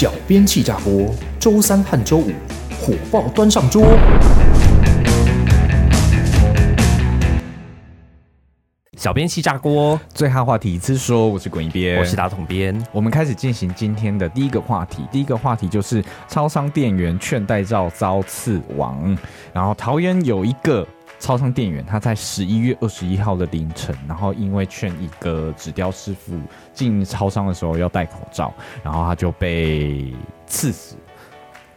小編氣炸鍋，週三和週五火爆端上桌。小編氣炸鍋，最 hot 話題一次說，我是滾一編，我是打統編。我們開始進行今天的第一個話題，第一個話題就是超商店員勸戴罩遭刺亡，然後桃園有一個。超商店員，他在十一月二十一號的凌晨，然後因為勸一個紙雕師傅進超商的時候要戴口罩，然後他就被刺死，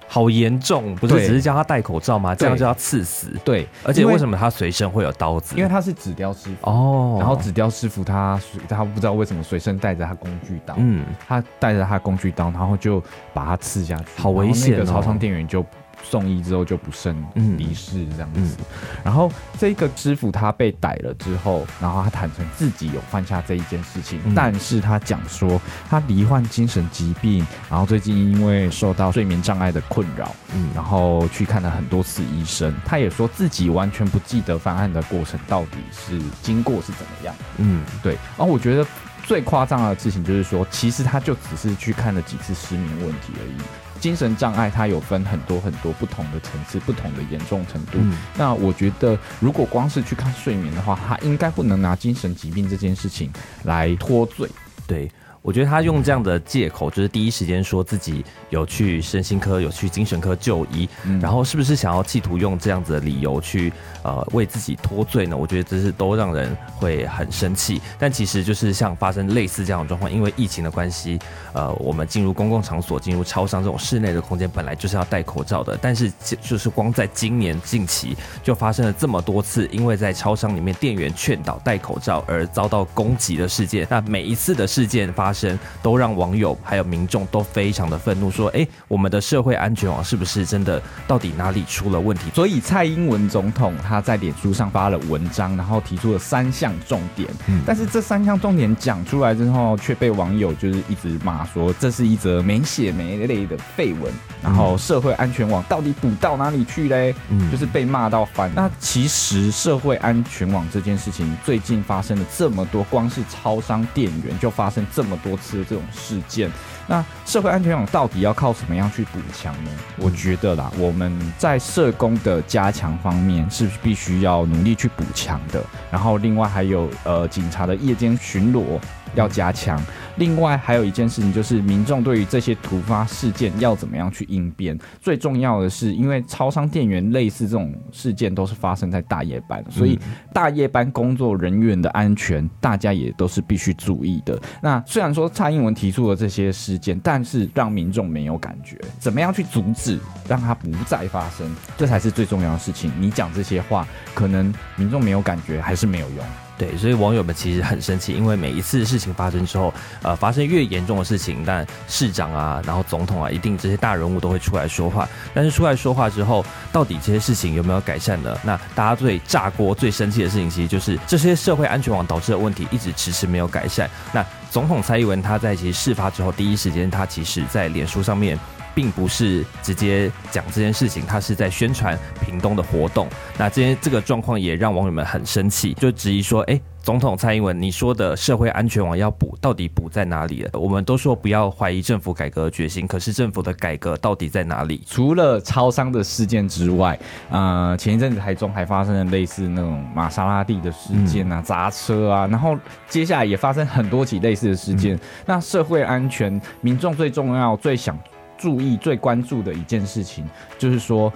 好嚴重！不是只是叫他戴口罩嗎？這樣叫他刺死對？對。而且為什麼他隨身會有刀子？因為他是紙雕師傅哦。然後紙雕師傅他他不知道為什麼隨身帶着他工具刀，嗯，他帶着他工具刀，然後就把他刺下去，好危險哦。那個超商店員就。送醫之後就不慎離世這樣子，然後這個師傅他被逮了之後，然後他坦承自己有犯下這一件事情，但是他講說他罹患精神疾病，然後最近因為受到睡眠障礙的困擾，嗯，然後去看了很多次醫生，他也說自己完全不記得犯案的過程到底是經過是怎麼樣的，嗯，對，然後我覺得最誇張的事情就是說，其實他就只是去看了幾次失眠問題而已。精神障礙它有分很多很多不同的層次，不同的嚴重程度。嗯。那我覺得，如果光是去看睡眠的話，他應該不能拿精神疾病這件事情來脫罪。對。我覺得他用這樣的借口，就是第一時間說自己有去身心科、有去精神科就醫，嗯，然後是不是想要企圖用這樣子的理由去呃為自己脫罪呢？我覺得這是都讓人會很生氣。但其實就是像發生類似這樣的狀況，因為疫情的關係，呃，我們進入公共場所、進入超商這種室內的空間，本來就是要戴口罩的。但是就是光在今年近期，就發生了這麼多次，因為在超商裡面店員勸導戴口罩而遭到攻擊的事件。那每一次的事件發都讓網友還有民眾都非常的憤怒，說：“哎、欸，我們的社會安全網是不是真的？到底哪裡出了問題？”所以蔡英文總統他在臉書上發了文章，然後提出了三項重點，嗯。但是這三項重點講出來之後，却被網友就是一直罵說：“這是一則沒血沒淚的廢文。嗯”然後社會安全網到底補到哪裡去嘞？就是被罵到翻，嗯。那其實社會安全網這件事情最近發生了這麼多，光是超商店員就發生這麼。多次這種事件，那社會安全網到底要靠什麼樣去補強呢？我覺得啦，我們在社工的加強方面是必須要努力去補強的。然後另外還有呃，警察的夜間巡邏要加強。嗯嗯另外還有一件事情，就是民眾對於這些突發事件要怎麼樣去應變。最重要的是，因為超商店員類似這種事件都是發生在大夜班，所以大夜班工作人員的安全，大家也都是必須注意的。那雖然說蔡英文提出了這些事件，但是讓民眾沒有感覺，怎麼樣去阻止，讓它不再發生，這才是最重要的事情。你講這些話，可能民眾沒有感覺，還是沒有用。對，所以網友們其實很生氣，因為每一次事情發生之後，呃，發生越嚴重的事情，但市長啊，然後總統啊，一定這些大人物都會出來說話。但是出來說話之後，到底這些事情有沒有改善呢？那大家最炸鍋、最生氣的事情，其實就是這些社會安全網導致的問題一直遲遲沒有改善。那總統蔡英文他在其實事發之後第一時間，他其實在臉書上面。並不是直接講這件事情，他是在宣傳屏東的活動。那今天這個狀況也讓網友們很生氣，就質疑說：“哎、欸，總統蔡英文，你說的社會安全網要補，到底補在哪裡了？”我們都說不要懷疑政府改革的決心，可是政府的改革到底在哪裡？除了超商的事件之外，呃，前一陣子台中還發生了類似那種瑪莎拉蒂的事件啊、嗯，砸車啊，然後接下來也發生很多起類似的事件。嗯、那社會安全，民眾最重要，最想。注意最關注的一件事情，就是說。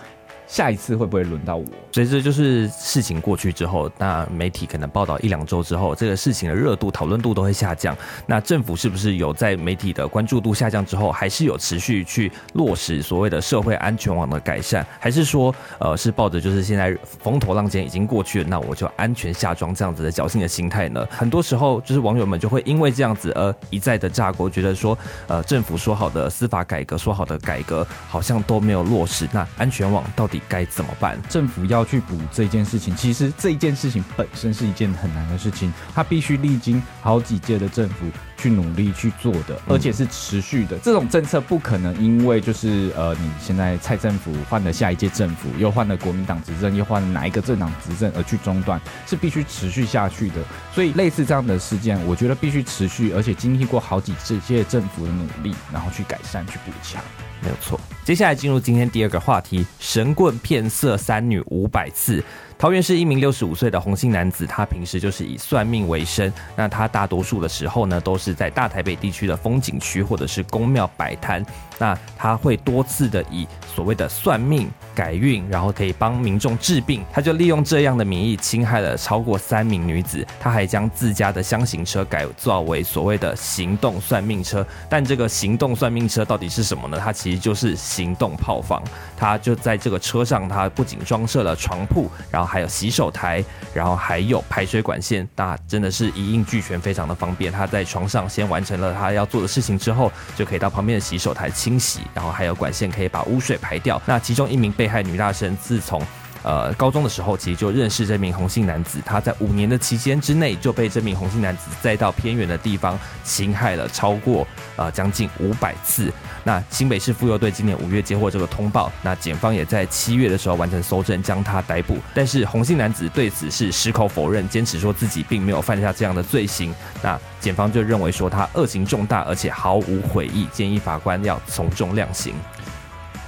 下一次會不會輪到我？隨着就是事情過去之後，那媒體可能報道一兩周之後，這個事情的熱度、討論度都會下降。那政府是不是有在媒體的關注度下降之後，還是有持續去落實所謂的社會安全網的改善？還是說，呃，是抱着就是現在風頭浪尖已經過去了，那我就安全下莊這樣子的僥倖的心態呢？很多時候，就是網友們就會因為這樣子而一再的炸鍋，覺得說，呃，政府說好的司法改革，說好的改革，好像都沒有落實。那安全網到底？該怎麼辦？政府要去補這件事情，其實這件事情本身是一件很難的事情，它必須歷經好幾屆的政府。去努力去做的，而且是持續的。這種政策不可能因為就是呃，你現在蔡政府換了下一屆政府，又換了國民黨執政，又換了哪一個政黨執政而去中斷，是必須持續下去的。所以類似這樣的事件，我覺得必須持續，而且經歷過好幾屆政府的努力，然後去改善、去補強。沒有錯，接下來進入今天第二個話題：神棍騙色三女五百次。桃園市一名六十五歲的洪姓男子，他平時就是以算命為生。那他大多數的時候呢，都是在大台北地區的風景區或者是宮廟擺攤。那他會多次的以所謂的算命改運，然後可以幫民眾治病，他就利用這樣的名義侵害了超過三名女子。他還將自家的箱型車改造為所謂的行動算命車，但這個行動算命車到底是什麼呢？它其實就是行動炮房。他就在這個車上，他不僅裝設了床鋪，然後還有洗手台，然後還有排水管線，那真的是一應俱全，非常的方便。他在床上先完成了他要做的事情之後，就可以到旁邊的洗手台清洗，然後還有管線可以把污水排掉。那其中一名被害女大生自從呃，高中的時候，其實就認識這名紅姓男子。他在五年的期間之內，就被這名紅姓男子帶到偏遠的地方侵害了超過呃，將近五百次。那新北市婦幼隊今年五月接獲這個通報，那檢方也在七月的時候完成蒐證，將他逮捕。但是紅姓男子對此是矢口否認，堅持說自己並沒有犯下這樣的罪行。那檢方就認為說他惡行重大，而且毫無悔意，建議法官要從重量刑。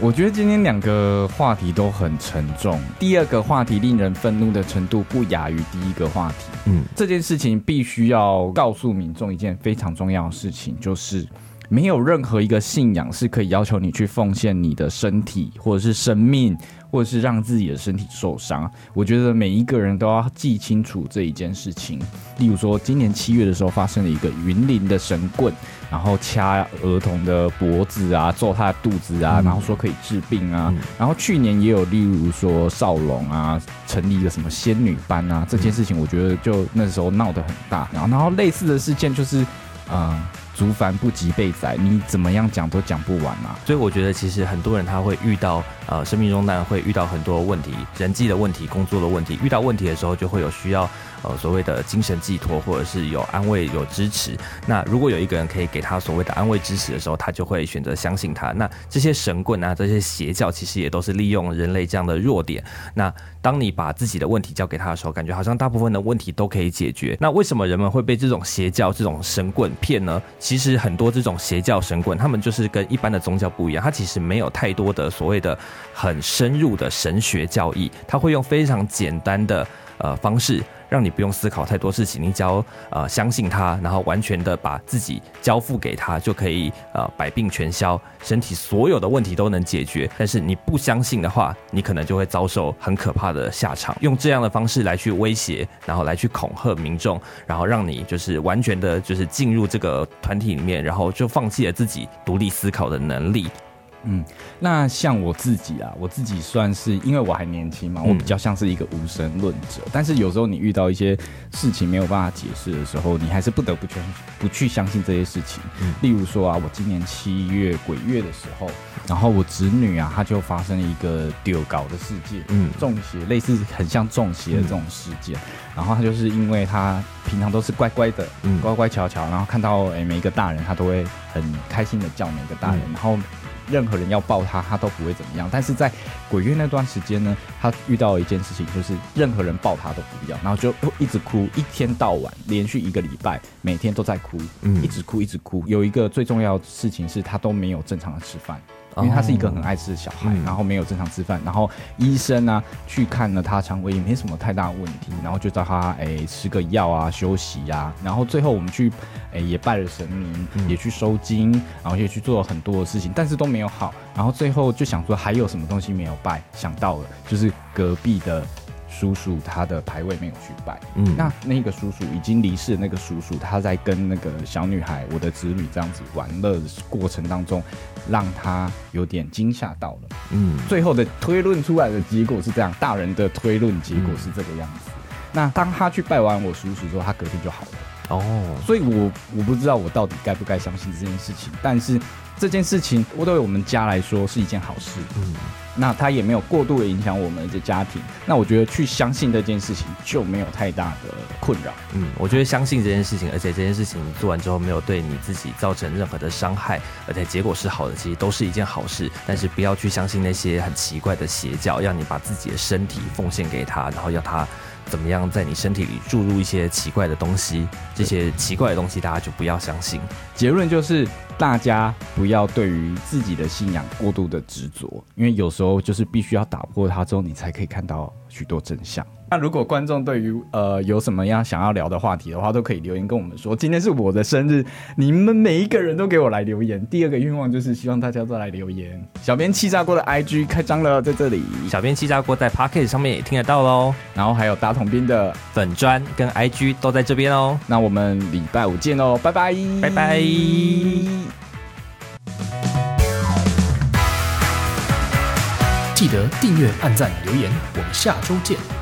我覺得今天兩個話題都很沉重，第二個話題令人憤怒的程度不亞於第一個話題。嗯，這件事情必須要告訴民眾一件非常重要的事情，就是沒有任何一個信仰是可以要求你去奉獻你的身體或者是生命。或者是讓自己的身體受傷，我覺得每一個人都要記清楚這一件事情。例如說，今年七月的時候發生了一個雲林的神棍，然後掐兒童的脖子啊，揍他的肚子啊，然後說可以治病啊。然後去年也有，例如說少龍啊，成立一個什麼仙女班啊，這件事情我覺得就那時候鬧得很大。然後，然後類似的事件就是，嗯。族繁不及備載，你怎麼樣講都講不完啊！所以我覺得，其實很多人他會遇到呃，生命中呢會遇到很多問題，人際的問題、工作的問題。遇到問題的時候，就會有需要呃，所謂的精神寄託，或者是有安慰、有支持。那如果有一個人可以給他所謂的安慰、支持的時候，他就會選擇相信他。那這些神棍啊，這些邪教，其實也都是利用人類這樣的弱點。那當你把自己的問題交給他的時候，感覺好像大部分的問題都可以解決。那為什麼人們會被這種邪教、這種神棍騙呢？其實很多這種邪教神棍，他們就是跟一般的宗教不一樣，他其實沒有太多的所謂的很深入的神學教義，他會用非常簡單的。呃，方式讓你不用思考太多事情，你只要呃相信他，然後完全的把自己交付給他，就可以呃百病全消，身體所有的問題都能解決。但是你不相信的話，你可能就會遭受很可怕的下場。用這樣的方式來去威脅，然後來去恐嚇民眾，然後讓你就是完全的就是進入這個團體裡面，然後就放棄了自己獨立思考的能力。嗯，那像我自己啊，我自己算是因為我還年輕嘛、嗯，我比較像是一個無神論者、嗯。但是有時候你遇到一些事情沒有辦法解釋的時候，你還是不得不去不去相信這些事情、嗯。例如說啊，我今年七月鬼月的時候，然後我侄女啊，她就發生一個丟稿的事件，嗯，中邪，類似很像中邪的這種事件、嗯。然後她就是因為她平常都是乖乖的，嗯、乖乖巧巧，然後看到哎、欸、每一個大人，她都會很開心的叫每一個大人，嗯、然後。任何人要抱他，他都不會怎麼樣。但是在鬼月那段時間呢，他遇到了一件事情，就是任何人抱他都不要，然後就一直哭，一天到晚，連續一個禮拜，每天都在哭，嗯，一直哭，一直哭。有一個最重要的事情是，他都沒有正常的吃飯。因為他是一個很愛吃的小孩，然後沒有正常吃飯，嗯，然後醫生啊去看了他腸胃也沒什麼太大的問題，然後就叫他哎、欸、吃個藥啊休息呀，啊，然後最後我們去哎、欸、也拜了神明，也去收驚，然後也去做了很多的事情，但是都沒有好，然後最後就想說還有什麼東西沒有拜，想到了就是隔壁的。叔叔，他的牌位沒有去拜。嗯，那那個叔叔已經離世，那個叔叔他在跟那個小女孩、我的子女這樣子玩樂過程當中，讓他有點驚嚇到了。嗯，最後的推論出來的結果是這樣，大人的推論結果是這個樣子，嗯。那當他去拜完我叔叔之後，他隔天就好了。哦，所以我我不知道我到底該不該相信這件事情，但是。這件事情，我對我們家來說是一件好事。嗯，那他也沒有過度的影響我們的家庭。那我覺得去相信這件事情就沒有太大的困擾。嗯，我覺得相信這件事情，而且這件事情做完之後沒有對你自己造成任何的傷害，而且結果是好的，其實都是一件好事。但是不要去相信那些很奇怪的邪教，讓你把自己的身體奉獻給他，然後要他怎麼樣在你身體裡注入一些奇怪的東西。這些奇怪的東西大家就不要相信。相信結論就是大家，不要對於自己的信仰過度的執着，因為有時候就是必須要打破它之後，你才可以看到許多真相。那如果觀眾對於呃有什麼樣想要聊的話題的話，都可以留言跟我們說。今天是我的生日，你們每一個人都給我來留言。第二個願望就是希望大家都來留言。小編氣炸鍋的 IG 開張了，在這裡。小編氣炸鍋在 Podcast 上面也聽得到嘍。然後還有打統編的粉專跟 IG 都在這邊哦。那我們禮拜五見哦，拜拜，拜拜。記得訂閱、按讚、留言，我們下周見。